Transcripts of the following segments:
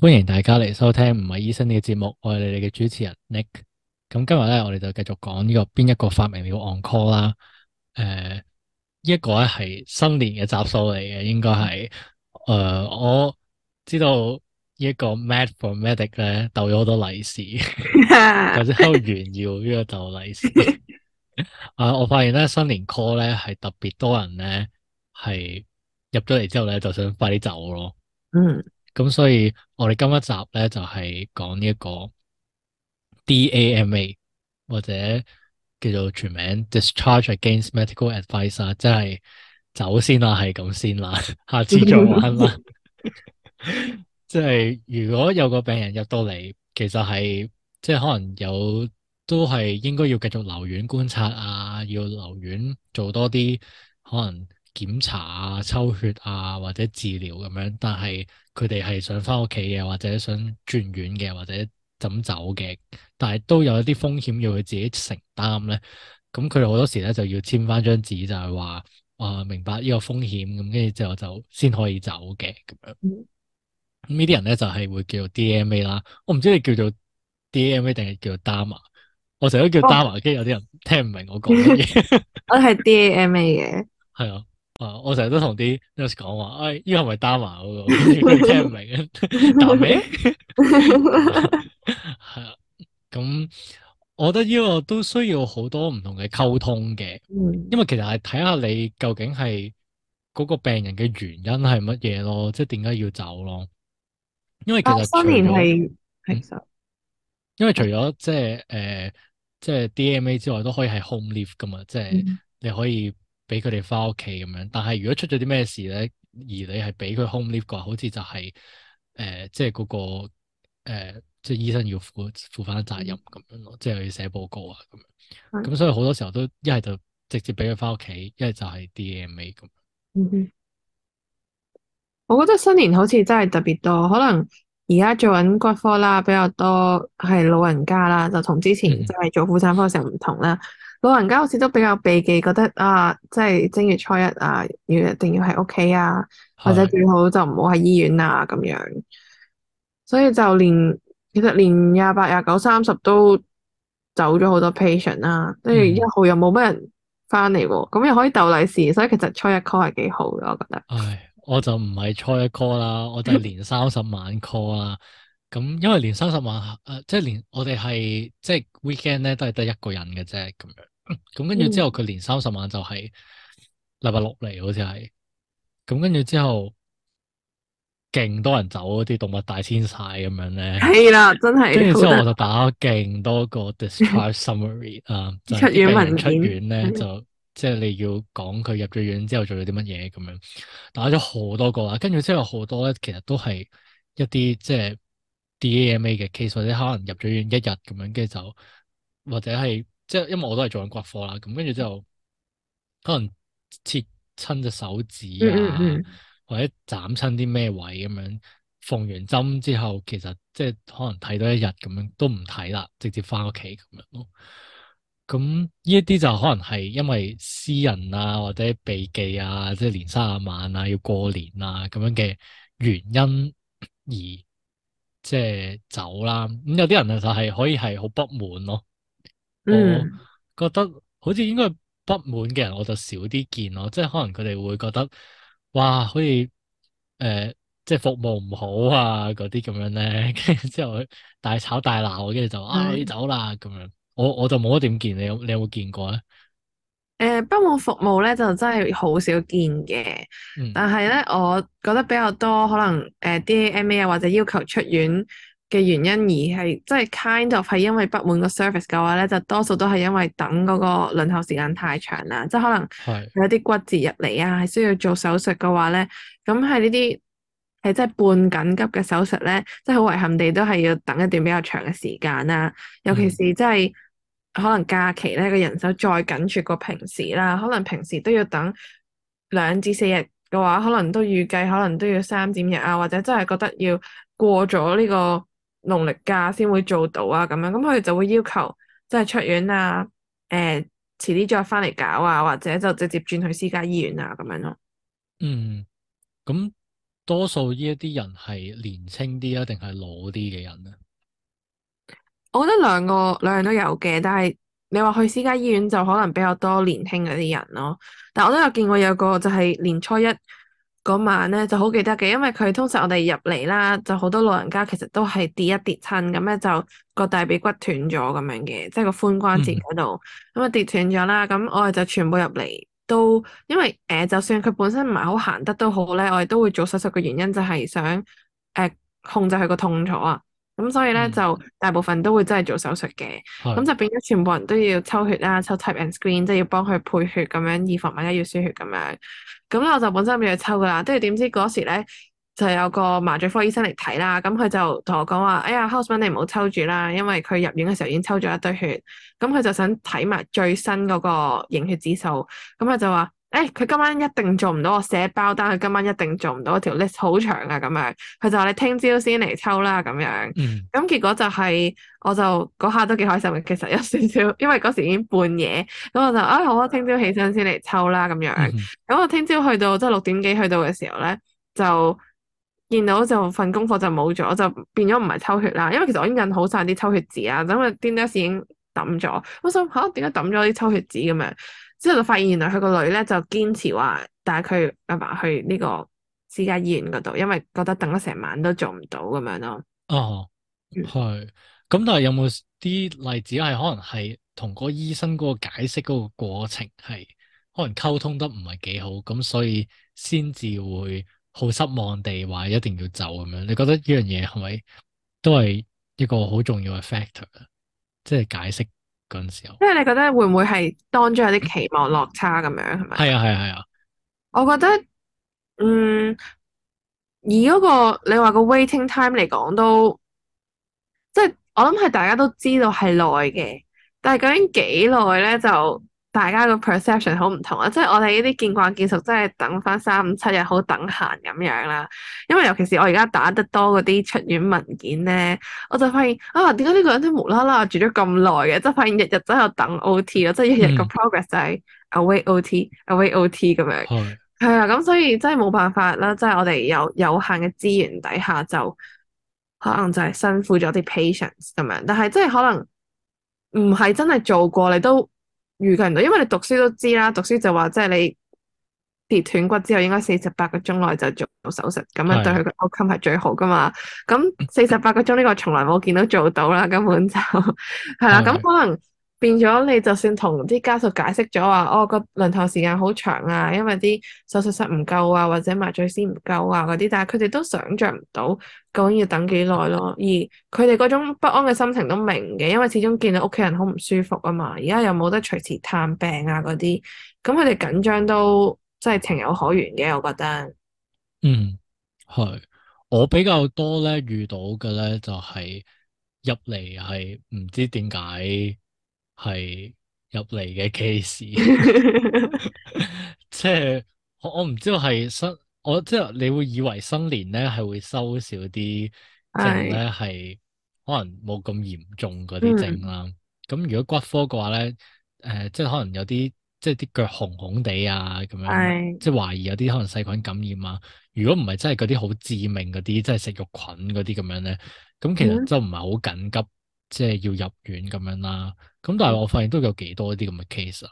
歡迎大家嚟收聽唔係醫生呢嘅節目，我係你哋嘅主持人 Nick。咁今日咧，我哋就繼續講呢、這個邊一個發明了 on call 啦。誒，呢一個咧係新年嘅集數嚟嘅，應該係誒、呃，我知道呢一個 Mad for Medic 咧，鬥咗好多利是， 或者喺度炫耀呢、這個鬥利是。啊，我發現咧新年 call 咧係特別多人咧係入咗嚟之後咧就想快啲走咯。嗯。咁所以，我哋今一集咧就係講呢一個 DAMA 或者叫做全名 Discharge Against Medical Advice，即係走先啦，係咁先啦，下次再玩啦。即係 如果有個病人入到嚟，其實係即係可能有都係應該要繼續留院觀察啊，要留院做多啲可能。檢查啊、抽血啊或者治療咁、啊、樣，但係佢哋係想翻屋企嘅，或者想轉院嘅，或者怎走嘅，但係都有一啲風險要佢自己承擔咧。咁佢哋好多時咧就要簽翻張紙就，就係話啊明白呢個風險咁，跟住之後就先可以走嘅咁樣。嗯嗯、呢啲人咧就係、是、會叫做 DMA 啦。我唔知你叫做 DMA 定係叫做 DAMA、哦。我成日都叫 DAMA，跟住有啲人聽唔明我講嘢 我係 DAMA 嘅。係啊。啊！我成日都同啲 nurse 講話，哎，呢個係咪 Dama 嗰個？聽唔明，搞咩？係啊，咁我覺得呢個都需要好多唔同嘅溝通嘅、嗯就是，因為其實係睇下你究竟係嗰個病人嘅原因係乜嘢咯，即係點解要走咯？因為其實新年係平實，因為除咗即係誒，即係 D M A 之外，都可以係 home leave 噶嘛，嗯、即係你可以。俾佢哋翻屋企咁樣，但係如果出咗啲咩事咧，而你係俾佢 home leave 嘅話，好似就係、是、誒、呃，即係嗰、那個誒、呃，即係醫生要負負翻責任咁樣咯，即係佢要寫報告啊咁樣。咁所以好多時候都一係就直接俾佢翻屋企，是是一係就係 DMA 咁樣。嗯哼，我覺得新年好似真係特別多，可能而家做緊骨科啦，比較多係老人家啦，就同之前就係做婦產科成時唔同啦。嗯老人家好似都比較避忌，覺得啊，即係正月初一啊，要一定要喺屋企啊，的或者最好就唔好喺醫院啊咁樣。所以就連其實連廿八、廿九、三十都走咗好多 patient 啦，啊，跟住一號又冇乜人翻嚟喎，咁、嗯、又可以逗利是，所以其實初一 call 係幾好嘅，我覺得。唉，我就唔係初一 call 啦，我就係年三十晚 call 啦。咁 因為年三十晚誒，即係連我哋係即係 weekend 咧，都係得一個人嘅啫咁樣。咁跟住之後，佢年三十晚就係禮拜六嚟，好似係。咁跟住之後，勁多人走，啲動物大遷徙，咁樣咧。係啦，真係。跟住之後我就打勁多個 discharge summary 啊，就是、出院文出院咧就即係、就是、你要講佢入咗院之後做咗啲乜嘢咁樣，打咗好多個啦。跟住之後好多咧，其實都係一啲即係 DAMA 嘅 case，或者可能入咗院一日咁樣，跟住就或者係。即係因為我都係做緊骨科啦，咁跟住之後可能切親隻手指啊，嗯嗯、或者斬親啲咩位咁樣，縫完針之後其實即係可能睇多一日咁樣都唔睇啦，直接翻屋企咁樣咯。咁呢一啲就可能係因為私人啊或者避忌啊，即係年卅晚啊要過年啊咁樣嘅原因而即係走啦。咁有啲人就係可以係好不滿咯。我覺得好似應該不滿嘅人，我就少啲見咯，即係可能佢哋會覺得，哇，好似誒、呃，即係服務唔好啊，嗰啲咁樣咧，之後大吵大鬧，跟住就啊，你走啦咁樣，我我就冇乜點見，你有你有冇見過咧？誒、呃，不滿服務咧就真係好少見嘅，嗯、但係咧，我覺得比較多可能誒啲、呃、DAMA 啊或者要求出院。嘅原因而係即係 kind of 係因為不滿個 service 嘅話咧，就多數都係因為等嗰個輪候時間太長啦。即係可能係有啲骨折入嚟啊，係需要做手術嘅話咧，咁係呢啲係真係半緊急嘅手術咧，即係好遺憾地都係要等一段比較長嘅時間啦、啊。尤其是即係可能假期咧嘅人手再緊缺過平時啦，可能平時都要等兩至四日嘅話，可能都預計可能都要三點日啊，或者真係覺得要過咗呢、這個。農曆假先會做到啊，咁樣咁佢哋就會要求即係、就是、出院啊，誒、呃，遲啲再翻嚟搞啊，或者就直接轉去私家醫院啊，咁樣咯。嗯，咁多數呢一啲人係年青啲啊，定係老啲嘅人咧？我覺得兩個兩樣都有嘅，但係你話去私家醫院就可能比較多年輕嗰啲人咯，但係我都有見過有個就係年初一。嗰晚咧就好記得嘅，因為佢通常我哋入嚟啦，就好多老人家其實都係跌一跌親，咁咧就個大髀骨斷咗咁樣嘅，即係個髖關節嗰度咁啊跌斷咗啦。咁我哋就全部入嚟都，因為誒、呃、就算佢本身唔係好行得都好咧，我哋都會做手術嘅原因就係想誒、呃、控制佢個痛楚啊。咁所以咧、嗯、就大部分都會真係做手術嘅，咁是就變咗全部人都要抽血啦、抽 type and screen，即係要幫佢配血咁樣，以防萬一要輸血咁樣。咁咧我就本身俾佢抽㗎啦，跟住點知嗰時咧就有個麻醉科醫生嚟睇啦，咁佢就同我講話：哎呀，Houseman，你唔好抽住啦，因為佢入院嘅時候已經抽咗一堆血，咁佢就想睇埋最新嗰個凝血指數，咁佢就話。誒，佢、哎、今晚一定做唔到我寫包單，佢今晚一定做唔到嗰條 list 好長啊，咁樣，佢就話你聽朝先嚟抽啦，咁樣，咁、嗯嗯、結果就係、是，我就嗰下都幾開心嘅，其實有少少，因為嗰時已經半夜，咁、嗯、我就啊、哎、好啊，聽朝起身先嚟抽啦，咁樣，咁、嗯嗯、我聽朝去到即係六點幾去到嘅時候咧，就見到就，見就份功課就冇咗，就變咗唔係抽血啦，因為其實我已經印好晒啲抽血紙啊，咁啊啲 nurse 已經抌咗，我想吓點解抌咗啲抽血紙咁樣？之後就發現原來佢個女咧就堅持話帶佢阿爸去呢個私家醫院嗰度，因為覺得等咗成晚都做唔到咁樣咯。哦，係、嗯。咁但係有冇啲例子係可能係同嗰個醫生嗰個解釋嗰個過程係可能溝通得唔係幾好，咁所以先至會好失望地話一定要走咁樣？你覺得呢樣嘢係咪都係一個好重要嘅 factor？即係解釋。嗰陣時候，因為你覺得會唔會係當中有啲期望落差咁樣係咪？係啊係啊係啊！我覺得，嗯，以嗰個你話個 waiting time 嚟講都，即係我諗係大家都知道係耐嘅，但係究竟幾耐咧就？大家個 perception 好唔同啊！即係我哋呢啲見慣見熟，真係等翻三五七日，好等閒咁樣啦、啊。因為尤其是我而家打得多嗰啲出院文件咧，我就發現啊，點解呢個人都無啦啦住咗咁耐嘅？即係發現日日都有等 OT 咯、啊，即係日日個 progress 就係 await OT、嗯、await OT 咁樣。係、嗯、啊，咁所以真係冇辦法啦。即係我哋有有限嘅資源底下，就可能就係辛苦咗啲 patients 咁樣。但係即係可能唔係真係做過，你都。預計唔到，因為你讀書都知啦，讀書就話即係你跌斷骨之後，應該四十八個鐘內就做手術，咁啊對佢嘅 outcome 係最好噶嘛。咁四十八個鐘呢個從來冇見到做到啦，根本就係啦。咁 的的可能。變咗你就算同啲家屬解釋咗話，哦，個輪候時間好長啊，因為啲手術室唔夠啊，或者麻醉師唔夠啊嗰啲，但係佢哋都想像唔到究竟要等幾耐咯。而佢哋嗰種不安嘅心情都明嘅，因為始終見到屋企人好唔舒服啊嘛。而家又冇得隨時探病啊嗰啲，咁佢哋緊張都真係情有可原嘅，我覺得。嗯，係，我比較多呢遇到嘅呢就係入嚟係唔知點解。係入嚟嘅 case，即係、 就是、我我唔知道係新，我即係、就是、你會以為新年咧係會收少啲症咧，係是可能冇咁嚴重嗰啲症啦。咁、嗯、如果骨科嘅話咧，誒、呃，即係可能有啲即係啲腳紅紅地啊，咁樣，是即係懷疑有啲可能細菌感染啊。如果唔係真係嗰啲好致命嗰啲，即係食肉菌嗰啲咁樣咧，咁其實就唔係好緊急，嗯、即係要入院咁樣啦。咁但係我發現都有幾多啲咁嘅 case 咯。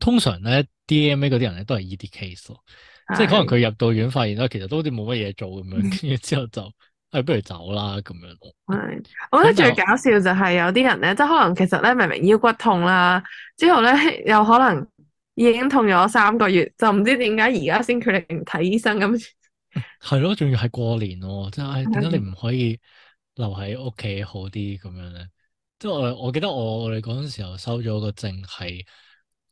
通常咧 DMA 啲人咧都係呢啲 case 咯，的即係可能佢入到院發現咧，其實都好似冇乜嘢做咁樣，跟住之後就誒、 哎，不如走啦咁樣咯。係，我覺得最搞笑就係有啲人咧，即係可能其實咧明明腰骨痛啦，之後咧又可能已經痛咗三個月，就唔知點解而家先決定睇醫生咁。係咯，仲要係過年咯，即係點解你唔可以留喺屋企好啲咁樣咧？即係我我記得我哋嗰陣時候收咗個證係，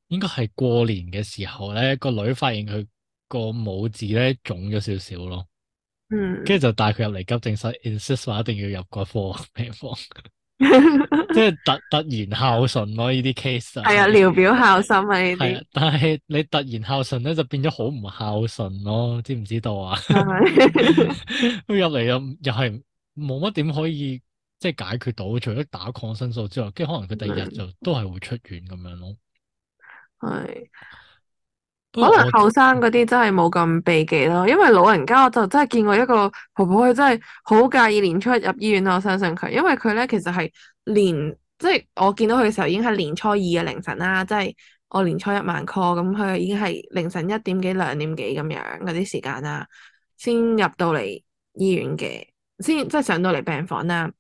應該係過年嘅時候咧，個女發現佢個拇指咧腫咗少少咯，嗯，跟住就帶佢入嚟急症室，insist 話一定要入個科病房， 即係突突然孝順咯呢啲 case，係、就、啊、是，聊、哎、表孝心啊呢啲， 但係你突然孝順咧就變咗好唔孝順咯，知唔知道啊？都入嚟又又係冇乜點可以。即係解決到，除咗打抗生素之外，跟住可能佢第二日就都係會出院咁樣咯。係，但可能後生嗰啲真係冇咁避忌咯，因為老人家我就真係見過一個婆婆，佢真係好介意年初一入醫院。我相信佢，因為佢咧其實係年即係我見到佢嘅時候已經係年初二嘅凌晨啦，即係我年初一晚 call 咁，佢已經係凌晨一點幾兩點幾咁樣嗰啲時間啦，先入到嚟醫院嘅，先即係上到嚟病房啦。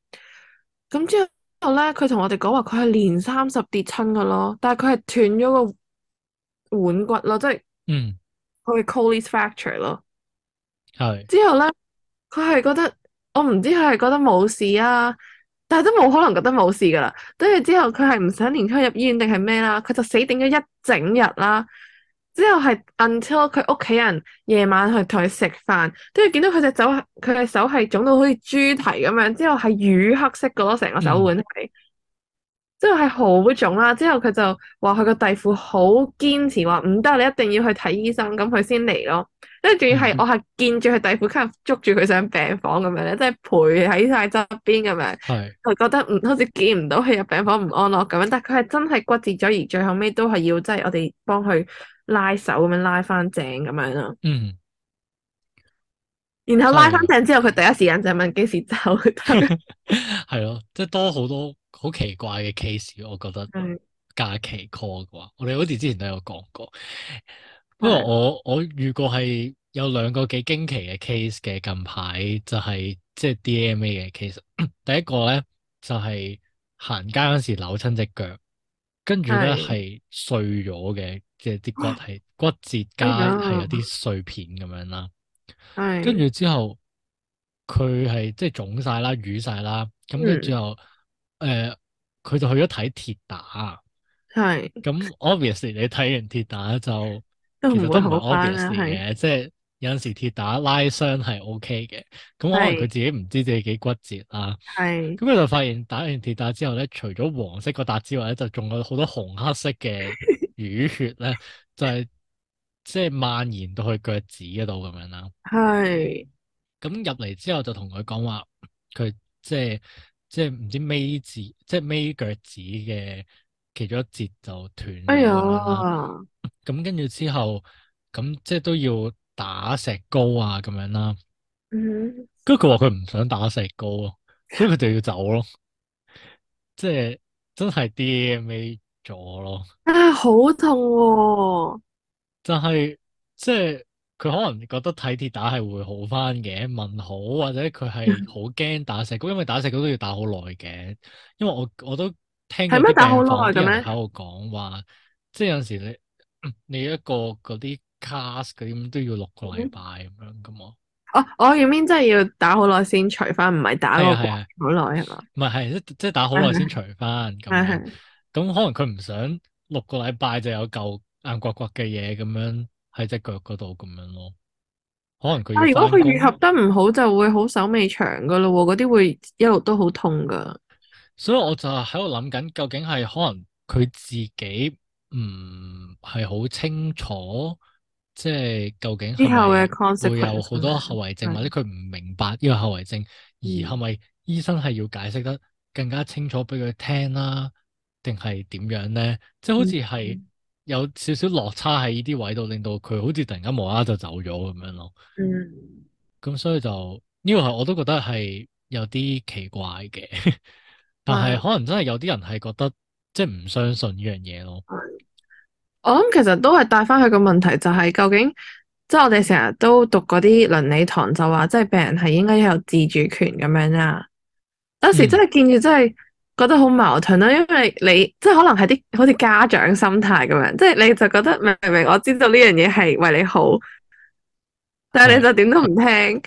咁之後咧，佢同我哋講話，佢係年三十跌親嘅咯，但係佢係斷咗個腕骨咯，即係，嗯，佢係 Colles fracture 咯，係。之後咧，佢係覺得，我唔知佢係覺得冇事啊，但係都冇可能覺得冇事噶啦。跟住之後，佢係唔想年初入醫院定係咩啦，佢就死頂咗一整日啦。之後係 until 佢屋企人夜晚去同佢食飯，跟住見到佢隻手，佢嘅手係腫到好似豬蹄咁樣，之後係乳黑色個咯，成個手腕係，即係好腫啦。之後佢就話佢個弟父好堅持話唔得，你一定要去睇醫生，咁佢先嚟咯。跟住仲要係我係見住佢弟父今日捉住佢上病房咁樣咧，即係陪喺晒側邊咁樣，係佢是覺得唔好似見唔到佢入病房唔安樂咁樣，但係佢係真係骨折咗，而最後尾都係要即係我哋幫佢。拉手咁樣拉翻正咁樣咯，嗯，然後拉翻正之後，佢、就是、第一時間就問幾時走，係咯， 即係多好多好奇怪嘅 case，我覺得假期 call 嘅話，是我哋好似之前都有講過，不過的我我遇過係有兩個幾驚奇嘅 case 嘅，近排就係、是、即係、就是、DMA 嘅 case，第一個咧就係、是、行街嗰時扭親隻腳。跟住咧係碎咗嘅，即係啲骨係骨折加係有啲碎片咁樣啦。係、啊哎、跟住之後佢係即係腫晒啦、瘀晒啦。咁跟住之後，誒，佢、嗯嗯呃、就去咗睇鐵打。係咁是，obviously 你睇完鐵打就 都不會 其實都唔係 obvious 嘅，即係是。就是有陣時鐵打拉傷係 O K 嘅，咁可能佢自己唔知自己幾骨折啦。咁佢是就發現打完鐵打之後咧，除咗黃色個搭之外呢，咧就仲有好多紅黑色嘅淤血咧、 就係，就係即係蔓延到去腳趾嗰度咁樣啦。係是。咁入嚟之後就同佢講話，佢即係即係唔知尾趾，即係尾腳趾嘅其中一節就斷咗啦。咁、哎、呦跟住之後，咁即係都要。打石膏啊，咁樣啦，跟住佢話佢唔想打石膏，所以佢就要走咯，即係真係跌歪咗咯。啊，好痛哦！就係、是、即係佢可能覺得睇跌打係會好翻嘅，問好或者佢係好驚打石膏，因為打石膏都要打好耐嘅。因為我我都聽過病床有人喺度講話，即係有陣時你你一個嗰啲。cast 咁都要六個禮拜咁、嗯、樣噶嘛？哦，我面真係要打好耐先除翻，唔係打個好耐係嘛？唔係、啊，係即係打好耐先除翻，咁咁可能佢唔想六個禮拜就有嚿硬刮刮嘅嘢，咁樣喺隻腳嗰度咁樣咯。可能佢、啊。如果佢愈合得唔好，就會好手尾長噶咯。嗰啲會一路都好痛噶。所以我就喺度諗緊，究竟係可能佢自己唔係好清楚。即係究竟係咪會有好多後遺症，或者佢唔明白呢個後遺症，嗯、而係咪醫生係要解釋得更加清楚俾佢聽啦、啊，定係點樣咧？即係好似係有少少落差喺呢啲位度，嗯、令到佢好似突然間無啦啦就走咗咁樣咯。嗯，咁所以就呢、呢個係我都覺得係有啲奇怪嘅， 但係可能真係有啲人係覺得、嗯、即係唔相信呢樣嘢咯。我諗其實都係帶翻去個問題，就係究竟，即係我哋成日都讀嗰啲倫理堂，就話即係病人係應該有自主權咁樣啦。有時真係見住真係覺得好矛盾咯，因為你即係可能係啲好似家長心態咁樣，即係你就覺得明明我知道呢樣嘢係為你好，但係你就點都唔聽，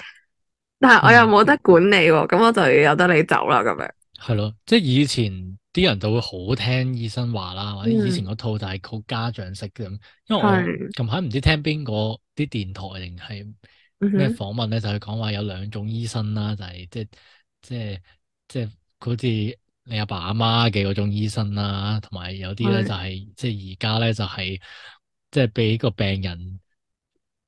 但係我又冇得管你喎，咁，嗯，我就由得你走啦咁樣。係咯，即係以前。啲人就會好聽醫生話啦，或者以前嗰套就係靠家長式咁。因為我近排唔知聽邊個啲電台定係咩訪問咧，就係講話有兩種醫生啦，就係即係即係即係好似你阿爸阿媽嘅嗰種醫生啦，同埋有啲咧就係即係而家咧就係即係俾個病人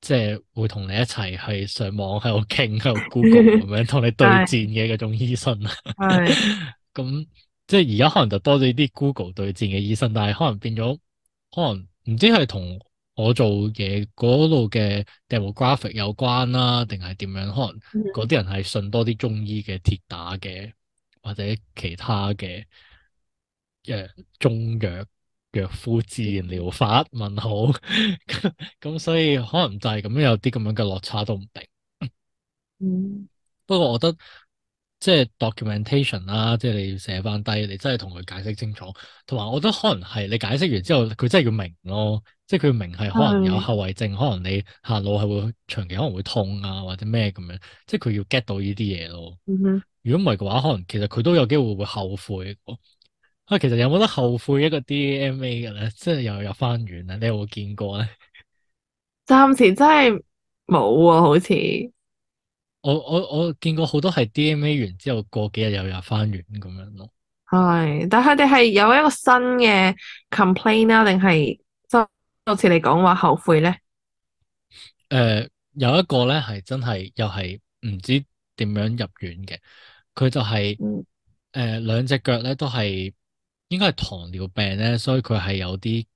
即係會同你一齊去上網喺度傾喺度 Google 咁樣同你對戰嘅嗰種醫生啊。係咁 是的。 嗯即係而家可能就多咗啲 Google 對戰嘅醫生，但係可能變咗，可能唔知係同我做嘢嗰度嘅 demographic 有關啦、啊，定係點樣？可能嗰啲人係信多啲中醫嘅鐵打嘅，或者其他嘅誒中藥藥夫自然療法問好。咁 所以可能就係咁樣有啲咁樣嘅落差都唔定。嗯、不過我覺得。即係 documentation 啦，即係你要寫翻低，你真係同佢解釋清楚。同埋，我覺得可能係你解釋完之後，佢真係要明咯。即係佢明係可能有後遺症，的可能你行路係會長期可能會痛啊，或者咩咁樣。即係佢要 get 到呢啲嘢咯。Mm hmm. 如果唔係嘅話，可能其實佢都有機會會後悔。啊，其實有冇得後悔一個 D M A 嘅咧？即係又入翻院啦，你有冇見過咧？暫時真係冇啊，好似。我我我見過好多係 DMA 完之後過幾日又入翻院咁樣咯。係，但係佢哋係有一個新嘅 complaint 啦，定係就到時嚟講話後悔咧？誒、呃，有一個咧係真係又係唔知點樣入院嘅，佢就係、是、誒、嗯呃、兩隻腳咧都係應該係糖尿病咧，所以佢係有啲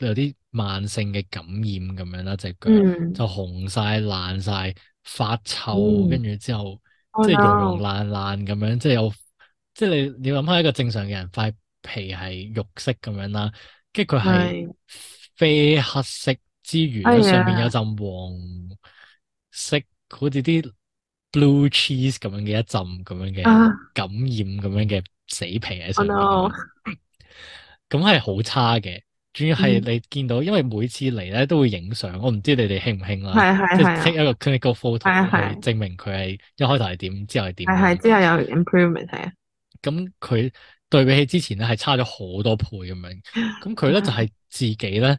有啲慢性嘅感染咁樣啦，隻腳就紅晒爛晒。嗯爛發臭，跟住之後、嗯、即係溶溶爛爛咁樣，即係有即係你你諗下一個正常嘅人塊皮係肉色咁樣啦，跟住佢係啡黑色之餘，oh, yeah. 上邊有陣黃色，好似啲 blue cheese 咁樣嘅一陣咁樣嘅感染咁樣嘅死皮喺上面，咁係好差嘅。主要係你見到，因為每次嚟咧都會影相，我唔知你哋興唔興啦，是是是即係 take a clinical photo 是是是去證明佢係一開頭係點，是是是之後係點，係之後有 improvement 係啊。咁佢對比起之前咧係差咗好多倍咁樣，咁佢咧就係自己咧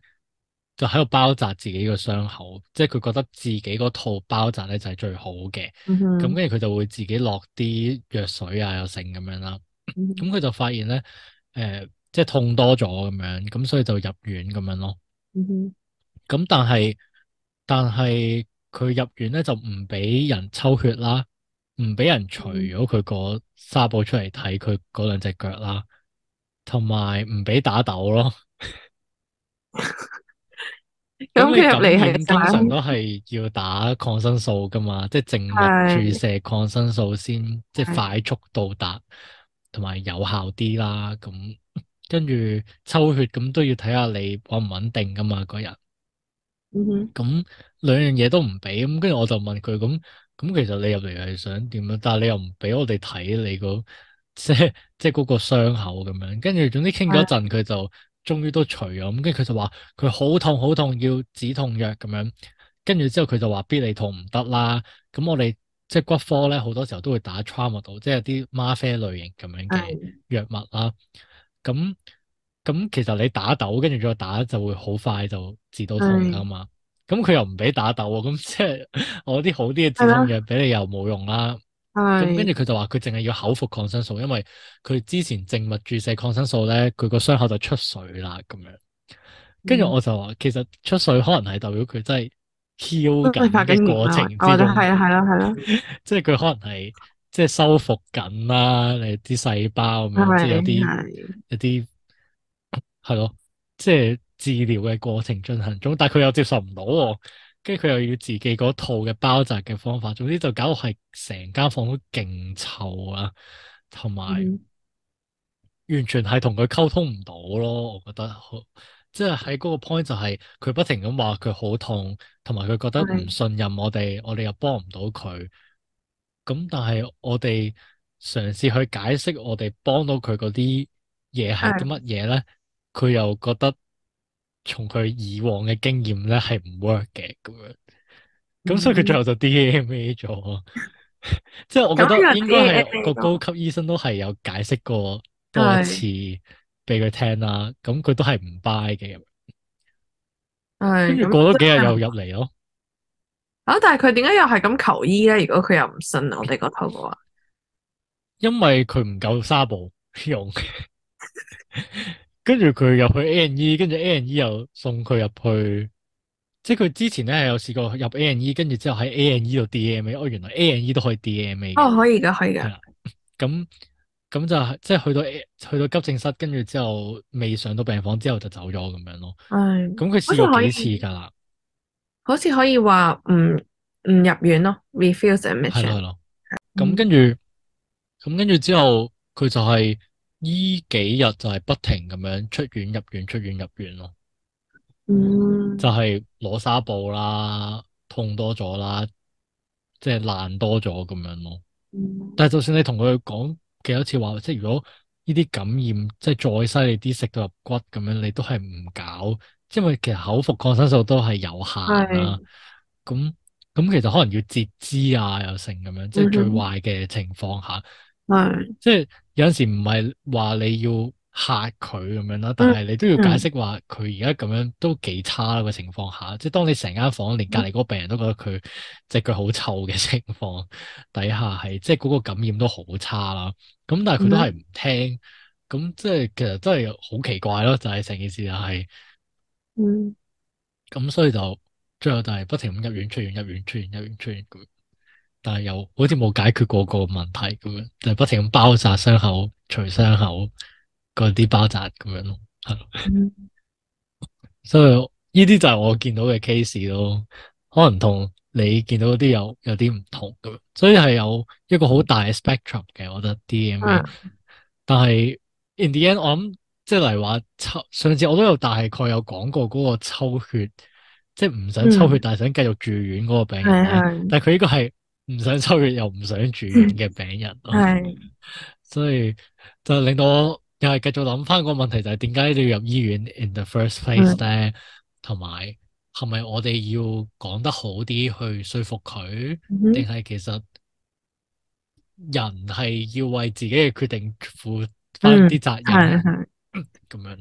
就喺度包紮自己個傷口，即係佢覺得自己嗰套包紮咧就係、是、最好嘅。咁跟住佢就會自己落啲藥水啊又、有剩咁樣啦。咁佢就發現咧，誒、呃。即係痛多咗咁樣，咁所以就入院咁樣咯。咁、嗯、哼但係但係佢入院咧就唔俾人抽血啦，唔俾人除咗佢個紗布出嚟睇佢嗰兩隻腳啦，同埋唔俾打豆咯。咁你入嚟係通常都係要打抗生素噶嘛？ 即係靜脈注射抗生素先，的即係快速到達同埋有效啲啦。咁跟住抽血咁都要睇下你穩唔穩定噶嘛，嗰日。嗯哼、mm。咁、hmm. 兩樣嘢都唔俾，咁跟住我就問佢，咁咁其實你入嚟係想點樣？但係你又唔俾我哋睇你、個即係即係嗰個傷口咁樣。跟住總之傾咗一陣，佢就終於都除咗。咁跟住佢就話佢好痛好痛，要止痛藥咁樣。跟住之後佢就話必理痛唔得啦。咁我哋即係骨科咧，好多時候都會打 trauma 藥，即係啲嗎啡類型咁樣嘅藥物啦。Mm hmm. 嗯咁咁，其實你打抖跟住再打就，就會是的、啊、好快就治到痛噶嘛。咁佢又唔俾打抖喎，咁即係我啲好啲嘅止痛藥俾你又冇用啦。咁跟住佢就話佢淨係要口服抗生素，因為佢之前靜脈注射抗生素咧，佢個傷口就出水啦咁樣。跟住我就話，嗯、其實出水可能係代表佢真係 healing 嘅過程之中，係啦係啦即係佢可能係。即係修復緊啦，你啲細胞咁樣，即係有啲有啲係咯，即係治療嘅過程進行中，但係佢又接受唔到，跟住佢又要自己嗰套嘅包紮嘅方法，總之就搞到係成間房都勁臭啊，同埋完全係同佢溝通唔到咯，我覺得好，即係喺嗰個 point 就係佢不停咁話佢好痛，同埋佢覺得唔信任我哋，的我哋又幫唔到佢。咁但係我哋嘗試去解釋我哋幫到佢嗰啲嘢係啲乜嘢咧，佢的又覺得從佢以往嘅經驗咧係唔 work 嘅咁樣，咁所以佢最後就 D A M A 咗，即係、嗯、 我覺得應該係個高級醫生都係有解釋過多一次俾佢聽啦，咁佢的都係唔 buy 嘅，跟住的過咗幾日又入嚟咯。啊、哦！但係佢點解又係咁求醫咧？如果佢又唔信我哋嗰套嘅話，因為佢唔夠紗布用，跟住佢入去 A&E，跟住 A&E 又送佢入去，即係佢之前咧係有試過入 A&E，跟住之後喺 A&E 度 DMA 哦，原來 A&E 都可以 DMA 哦，可以噶，可以噶。咁咁就即係去到 a, 去到急症室，跟住之後未上到病房之後就走咗咁樣咯。係、嗯。咁佢試過幾次噶啦？好似可以話唔唔入院咯，refuse admission。係咯係咯。咁跟住，咁跟住之後，佢就係依幾日就係不停咁樣出院入院出院入院咯。嗯。就係攞紗布啦，痛多咗啦，即係爛多咗咁樣咯。但係就算你同佢講幾多次話，即係如果呢啲感染即係再犀利啲，食到入骨咁樣，你都係唔搞。因為其實口服抗生素都係有限啦、啊，咁咁是其實可能要截肢啊，又成咁樣，即係最壞嘅情況下，即係有陣時唔係話你要吓佢咁樣啦，但係你都要解釋話佢而家咁樣都幾差啦嘅情況下，即係當你成間房間連隔籬嗰個病人都覺得佢隻腳好臭嘅情況底下，係即係嗰個感染都好差啦。咁但係佢都係唔聽，咁是即係其實真係好奇怪咯，就係、是、成件事就係、是。嗯，咁所以就最後就係不停咁入院出院入院出院入院出院咁，但係又好似冇解決過個問題咁樣，就係、不停咁包紮傷口、除傷口嗰啲包紮咁樣咯，係、嗯。 所以呢啲就係我見到嘅 case 咯，可能同你見到啲有有啲唔同咁樣，所以係有一個好大嘅 spectrum 嘅，我覺得 D.M.V.、啊、但係 in the end 我諗。即係嚟話抽，上次我都有大概有講過嗰個抽血，即係唔想抽血，嗯、但係想繼續住院嗰個病人。嗯、但係佢呢個係唔想抽血又唔想住院嘅病人。係，所以就令到我又係繼續諗翻個問題，就係點解要入醫院 in the first place 咧？同埋係咪我哋要講得好啲去說服佢？定係、嗯、其實人係要為自己嘅決定負翻啲責任？嗯嗯嗯嗯嗯嗯咁、嗯、樣，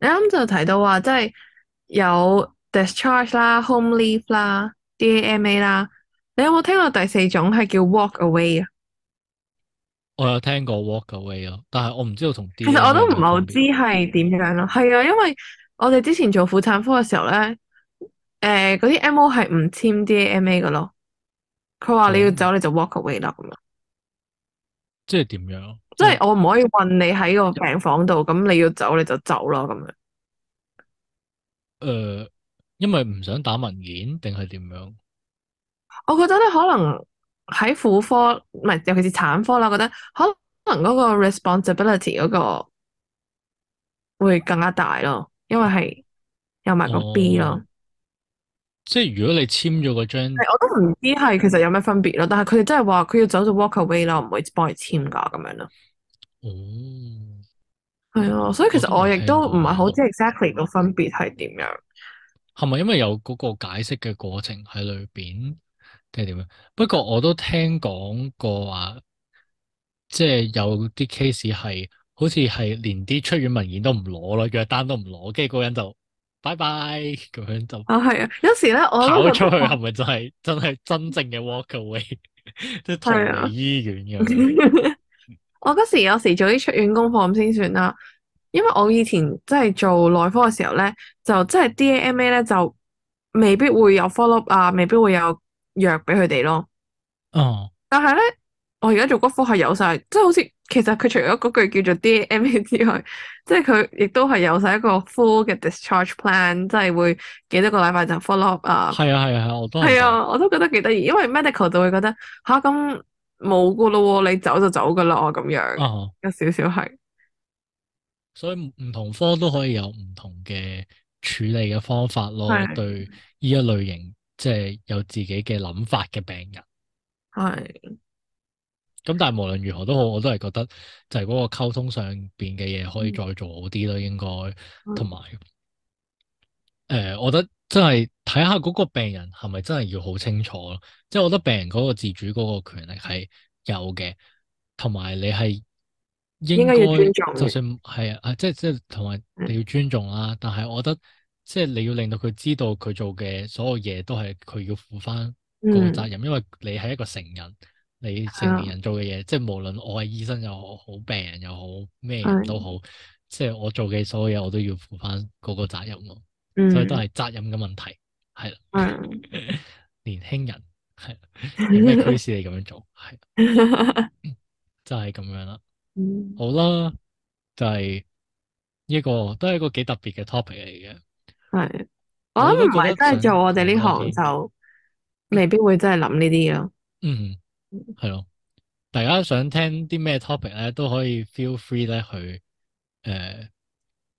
你啱就提到話，即係有 discharge 啦、home leave 啦、D A M A 啦，你有冇聽過第四種係叫 walk away 啊？我有聽過 walk away 咯，但係我唔知道同 D A M A。其實我都唔係好知係點樣咯。係啊，因為我哋之前做婦產科嘅時候咧，誒、呃，嗰啲 M O 係唔簽 D A M A 噶咯。佢話你要走，你就 walk away 啦咁咯。即係點樣？即係我唔可以困你喺個病房度，咁、嗯、你要走你就走咯，咁樣。誒、呃，因為唔想打文件定係點樣？我覺得咧，可能喺婦科唔係，尤其是產科啦。我覺得可能嗰個 responsibility 嗰個會更加大咯，因為係有埋個 B 咯、哦。啦即係如果你簽咗嗰章，我都唔知係其實有咩分別咯。但係佢哋真係話佢要走就 walk away 啦，唔會幫你簽噶咁樣咯。哦，係啊， 所以其實我亦都唔係好知 exactly 個分別係點樣，係咪因為有嗰個解釋嘅過程喺裏邊定係點樣？不過我都聽講過話，即係有啲 case 係好似係連啲出院文件都唔攞咯，藥單都唔攞，跟住嗰人就拜拜咁樣就是是真是真 away, 啊係啊，有時咧我，我跑出去係咪就係真係真正嘅 walk away，即係逃離醫院咁樣。 我嗰時有時做啲出院功課咁先算啦，因為我以前即係做內科嘅時候咧，就即係 D.A.M.A 咧就未必會有 follow up 啊，未必會有藥俾佢哋咯。哦、嗯，但係咧我而家做骨科係有晒，即係好似其實佢除咗嗰句叫做 D.A.M.A 之外，即係佢亦都係有晒一個 full 嘅 discharge plan，即係會幾多個禮拜就 follow up 啊。係啊係啊，係啊，我都係啊，我都覺得幾得意，因為 medical 就會覺得吓咁。啊冇噶咯，你走就走噶啦，咁樣有少少係。啊、小小，所以唔同科都可以有唔同嘅處理嘅方法咯，的對呢一類型即係、就是、有自己嘅諗法嘅病人。係的。咁但係無論如何都好，我都係覺得就係嗰個溝通上邊嘅嘢可以再做好啲咯，應該同埋。誒、呃，我覺得真係。睇下嗰個病人係咪真係要好清楚咯？即係我覺得病人嗰個自主嗰個權力係有嘅，同埋你係應該，應該就算係啊，即係即係同埋你要尊重啦。嗯、但係我覺得即係你要令到佢知道佢做嘅所有嘢都係佢要負翻個責任，嗯、因為你係一個成人，你成年人做嘅嘢，即係、嗯、無論我係醫生又好，病人又好，咩都好，即係、嗯、我做嘅所有嘢，我都要負翻嗰個責任咯。嗯、所以都係責任嘅問題。係啦， 年輕人係，有咩驅使你咁樣做？係， 就係、是、咁樣啦。好啦，就係、是、呢、這個都係一個幾特別嘅 topic 嚟嘅。係，我諗唔係都係做我哋呢行就未必會真係諗呢啲嘢咯。嗯，係咯。大家想聽啲咩 topic 咧，都可以 feel free 咧去誒。呃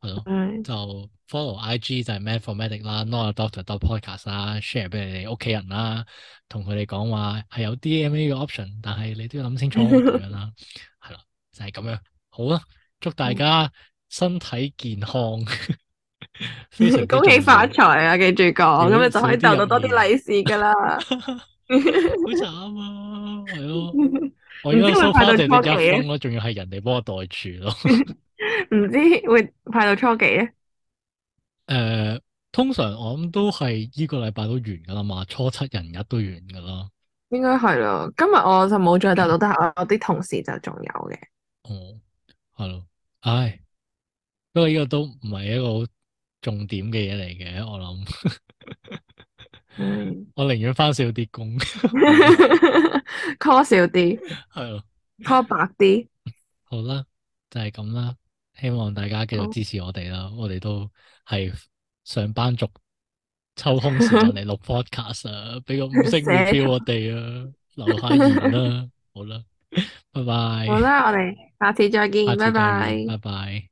係咯，就 follow IG 就係 MadForMedic 啦，Not a Doctor dot podcast 啦，share 俾你哋屋企人啦，同佢哋講話，係有啲 AMA 嘅 option，但係你都要諗清楚咁樣啦，係咯， 就係、是、咁樣，好啦，祝大家身體健康， 非常恭喜發財啊！記住講，咁你就可以賺到多啲利是噶啦，好 慘 啊！係咯，我而家收翻隻李家風咯，仲要係人哋幫我代住咯。 唔知會派到初幾咧？誒、呃，通常我諗都係依個禮拜都完噶啦嘛，初七、人日都完噶啦。應該係啦。今日我就冇再帶到，但係我啲同事就仲有嘅。哦，係咯，唉，不過呢個都唔係一個好重點嘅嘢嚟嘅，我諗。 我寧願翻少啲工，call 少啲，係咯，call 白啲。好啦，就係、是、咁啦。希望大家繼續支持我哋啦，好我哋都係上班族抽空時間嚟錄 podcast 啊，畀 個五星好評我哋啊， 留下言啦， 好啦，拜拜，好啦，我哋下次再見，再見拜拜，拜拜。